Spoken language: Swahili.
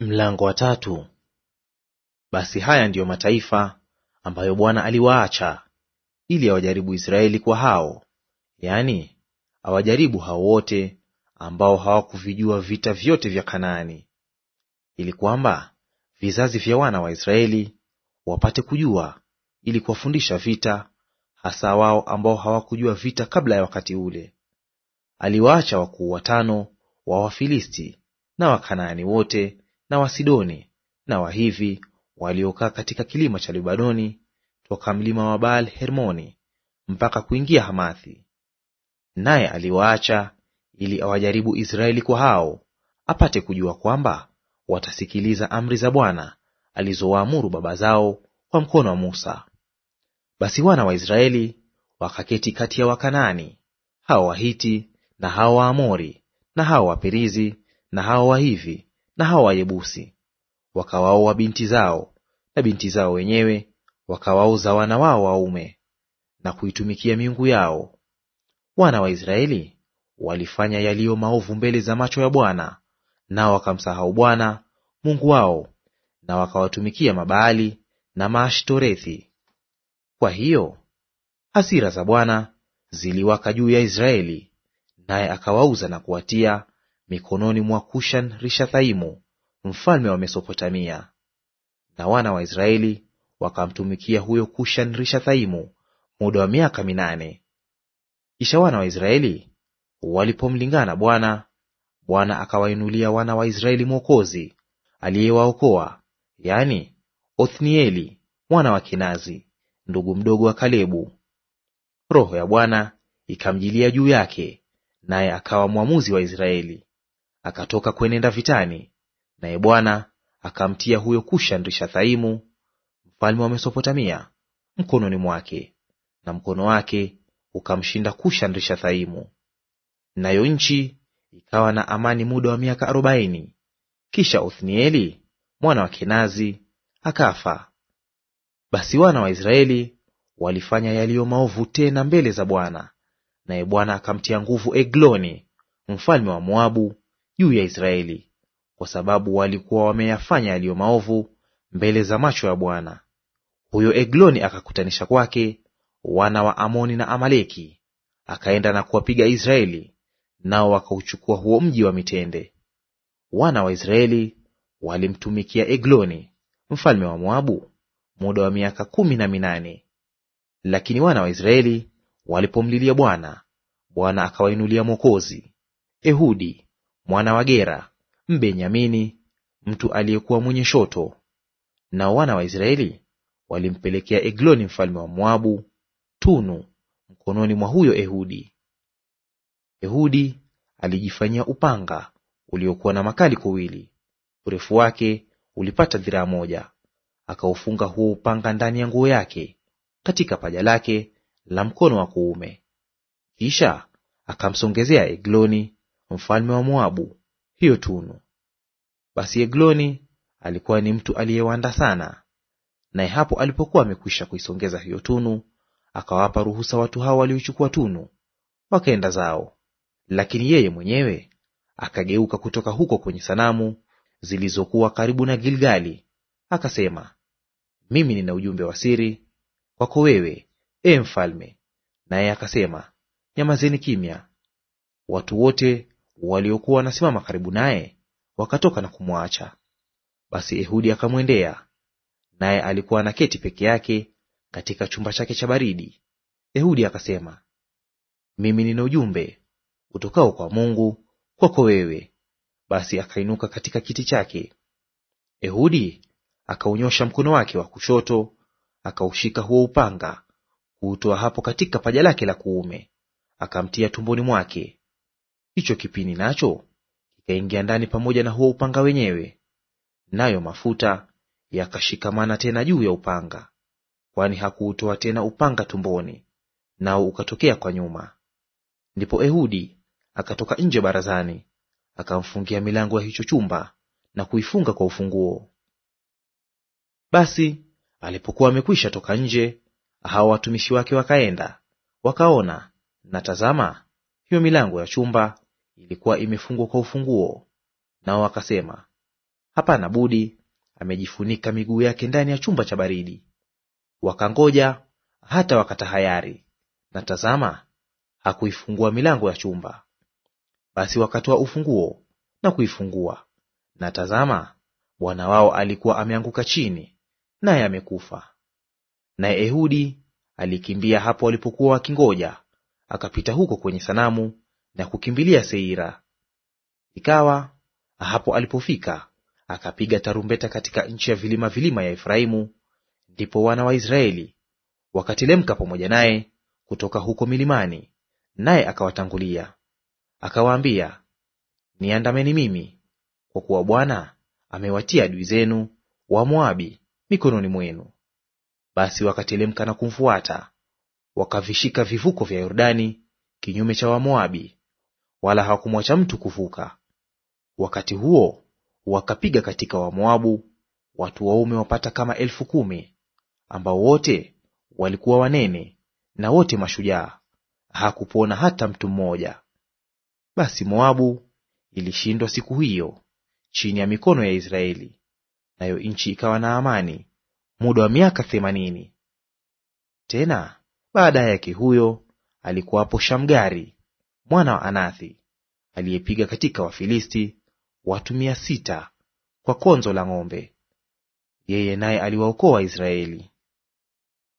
Mlango wa tatu. Basi haya ndiyo mataifa ambayo Bwana aliwaacha ili awajaribu Israeli kwa hao, yaani awajaribu hao wote ambao hawakuvijua vita vyote vya Kanaani, ili kwamba vizazi vya wana wa Israeli wapate kujua, ili kuwafundisha vita, hasa wao ambao hawakujua vita kabla ya wakati ule. Aliwaacha wakuu watano wa Wafilisti na Wakanaani wote na Wasidoni na Wahivi waliokaa katika kilima cha Lebanoni toka mlima wa Baal Hermoni mpaka kuingia Hamathi. Naye aliwaacha ili awajaribu Israeli kwa hao, apate kujua kwamba watasikiliza amri za Bwana alizowaamuru baba zao kwa mkono wa Musa. Basi wana wa Israeli wakaketi kati ya Wakanaani, hao Wahiti na hao Waamori na hao Waperizi na hao Wahivi na hao Wayebusi, wakawaoa binti zao, na binti zao wenyewe wakawaoza wana wao waume na kuitumikia miungu yao. Wana wa Israeli walifanya yaliyo maovu mbele za macho ya Bwana, nao wakamsahau Bwana Mungu wao, na wakawatumikia Mabaali na Maashtorethi. Kwa hiyo hasira za Bwana ziliwaka juu ya Israeli, naye akawauza na kuwatia mikononi mwa Kushan Rishathaimu mfalme wa Mesopotamia. Na wana wa Israeli wakamtumikia huyo Kushan Rishathaimu muda wa miaka minane. Kisha wana wa Israeli walipomlingana Bwana, Bwana akawainulia wana wa Israeli mwokozi aliyewaokoa, yaani Othnieli mwana wa kinazi ndugu mdogo wa Kalebu. Roho ya Bwana ikamjilia juu yake, naye akawa mwamuzi wa Israeli akatoka kwenenda vitani, naye Bwana akamtia huyo Kushan Rishathaimu mfalme wa Mesopotamia mkononi mwake, na mkono wake ukamshinda Kushan Rishathaimu. Nayo nchi ikawa na amani muda wa miaka arobaini. Kisha Othnieli mwana wa Kenazi akafa. Basi wana wa Israeli walifanya yaliyo maovu tena mbele za Bwana, naye Bwana akamtia nguvu Egloni mfalme wa Moabu juu ya Israeli, kwa sababu walikuwa wameyafanya yaliyo maovu mbele za macho ya Bwana. Huyo Egloni akakutanisha kwake wana wa Amoni na Amaleki, akaenda na kuwapiga Israeli, nao wakauchukua huo mji wa mitende. Wana wa Israeli walimtumikia Egloni mfalme wa Moabu muda wa miaka kumi na minane. Lakini wana wa Israeli walipomlilia Bwana, Bwana akawainulia mwokozi Ehudi mwana wa Gera Mbenyamini, mtu aliyekuwa mwenye shoto. Nao wana wa Israeli walimpelekea Egloni mfalme wa Moabu tunu mkononi mwa huyo Ehudi. Ehudi alijifanyia upanga uliokuwa na makali kuwili, urefu wake ulipata dhiraa moja. Akaufunga huo upanga ndani ya nguo yake katika paja lake la mkono wa kuume, kisha akamsongezea Egloni mfalme wa Moabu hiyo tunu. Basi Egloni alikuwa ni mtu aliyewanda sana, naye hapo alipokuwa amekwisha kuisongeza hiyo tunu, akawapa ruhusa watu hao waliochukua tunu, wakaenda zao. Lakini yeye mwenyewe akageuka kutoka huko kwenye sanamu zilizokuwa karibu na Gilgali, akasema, mimi nina ujumbe wa siri kwako wewe, e mfalme. Naye akasema, nyamazeni kimya. Watu wote waliokuwa wanasimama karibu naye wakatoka na kumwacha. Basi Ehudi akamwendea, naye alikuwa anaketi peke yake katika chumba chake cha baridi. Ehudi akasema, mimi nina ujumbe utokao kwa Mungu kwako wewe. Basi akainuka katika kiti chake. Ehudi akaunyosha mkono wake wa kushoto, akaushika huo upanga kuutoa hapo katika paja lake la kuume, akamtia tumboni mwake, hicho kipini nacho kikaingia ndani pamoja na huo upanga wenyewe, nayo mafuta yakashikamana tena juu ya upanga, kwani hakuutoa tena upanga tumboni, nao ukatokea kwa nyuma. Ndipo Ehudi akatoka nje barazani, akamfungia milango ya hicho chumba na kuifunga kwa ufunguo. Basi alipokuwa amekwisha toka nje, hao watumishi wake wakaenda wakaona, na tazama, hiyo milango ya chumba ilikuwa imefungwa kwa ufunguo. Nao wakasema, hapana budi, amejifunika miguu yake ndani ya chumba cha baridi. Wakangoja hata wakatahayari, na tazama, hakuifungua milango ya chumba. Basi wakatoa ufunguo na kuifungua, na tazama, bwana wao alikuwa ameanguka chini, naye amekufa. Naye Ehudi alikimbia hapo walipokuwa wakingoja, akapita huko kwenye sanamu na kukimbilia Seira. Ikawa hapo alipofika, akapiga tarumbeta katika nchi ya vilima vilima ya Efraimu, ndipo wana wa Israeli wakatelemka pamoja naye kutoka huko milimani, naye akawatangulia. Akawaambia, niandameni mimi, kwa kuwa Bwana amewatia adui zenu wa Moabi mikononi mwenu. Basi wakatelemka na kumfuata, wakavishika vivuko vya Yordani kinyume cha Wamoabi wala hawakumwacha mtu kuvuka. Wakati huo wakapiga katika Wamoabu watu waume wapata kama elfu kumi ambao wote walikuwa wanene na wote mashujaa; hakupona hata mtu mmoja. Basi Moabu ilishindwa siku hiyo chini ya mikono ya Israeli, nayo nchi ikawa na amani muda wa miaka themanini. Tena baada yake huyo alikuwapo Shamgari mwana wa Anathi aliyepiga katika Wafilisti watu mia sita kwa konzo la ng'ombe. Yeye naye aliwaokoa Israeli.